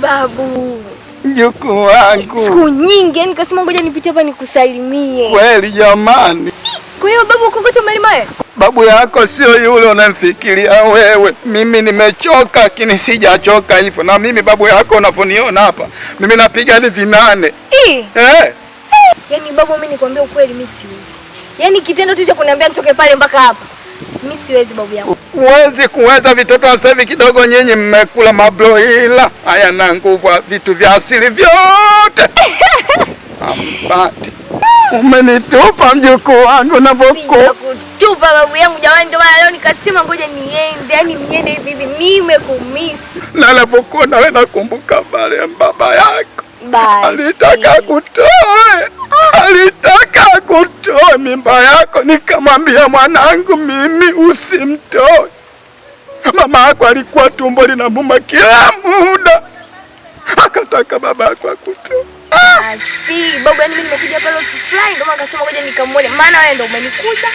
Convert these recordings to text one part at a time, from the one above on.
babu mjukuu wangu, siku nyingi. Yani kasema ngoja nipite hapa nikusalimie. Kweli jamani. Kwa hiyo babu kokote umelimaye? Babu yako sio yule unamfikiria wewe. Mimi nimechoka, lakini sijachoka hivyo. Na mimi babu yako unavyoniona hapa, mimi napiga hivi vinane. Eh. Yaani babu, mimi nikwambia ukweli, mimi siwezi. Yaani kitendo tu cha kuniambia nitoke pale mpaka hapa mimi siwezi babu yangu. Huwezi kuweza vitoto sasa hivi kidogo nyinyi mmekula mabloila. Haya na nguvu vitu vya asili vyote. Ambati. Umenitupa mjukuu wangu na boku. Tupa babu yangu jamani, ndio maana leo nikasema ngoja niende, yani niende hivi hivi nimekumisi. Na napokuwa nawe nakumbuka pale baba yako. Bye. Alitaka kutoe. Ah mimba yako. Nikamwambia mwanangu, mimi usimtoe. Mama yako alikuwa tumbo linamuma kila muda mpaka baba yako akutoa. Ah, si babu, yani mimi nimekuja pale ukifurahi, ndio maana akasema ngoja nikamwone, maana wewe ndio umenikuta,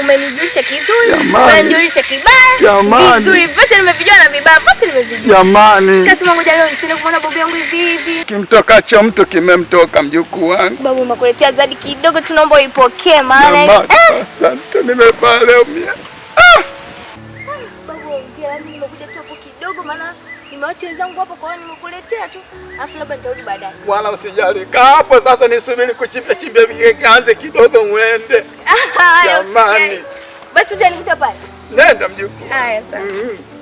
umenijulisha kizuri, umenijulisha kibaya, vizuri vyote nimevijua na vibaya vyote nimevijua. Jamani, kasema ngoja leo nisiende kumwona babu yangu hivi hivi. Kimtokacho mtu kimemtoka, mjukuu wangu. Babu, umekuletea zawadi kidogo, tunaomba uipokee, maana eh. asante, nimefaa leo mimi pia, yaani nimekuja tu hapo kidogo, maana nimewacha wenzangu hapo, kwa hiyo nimekuletea tu, alafu labda nitarudi baadaye. Wala usijali, kaa hapo sasa, nisubiri kuchimbia chimbia vikaanze kidogo, mwende jamani. Basi utanikuta pale, nenda mjukuu. Haya, sawa. Mm-hmm.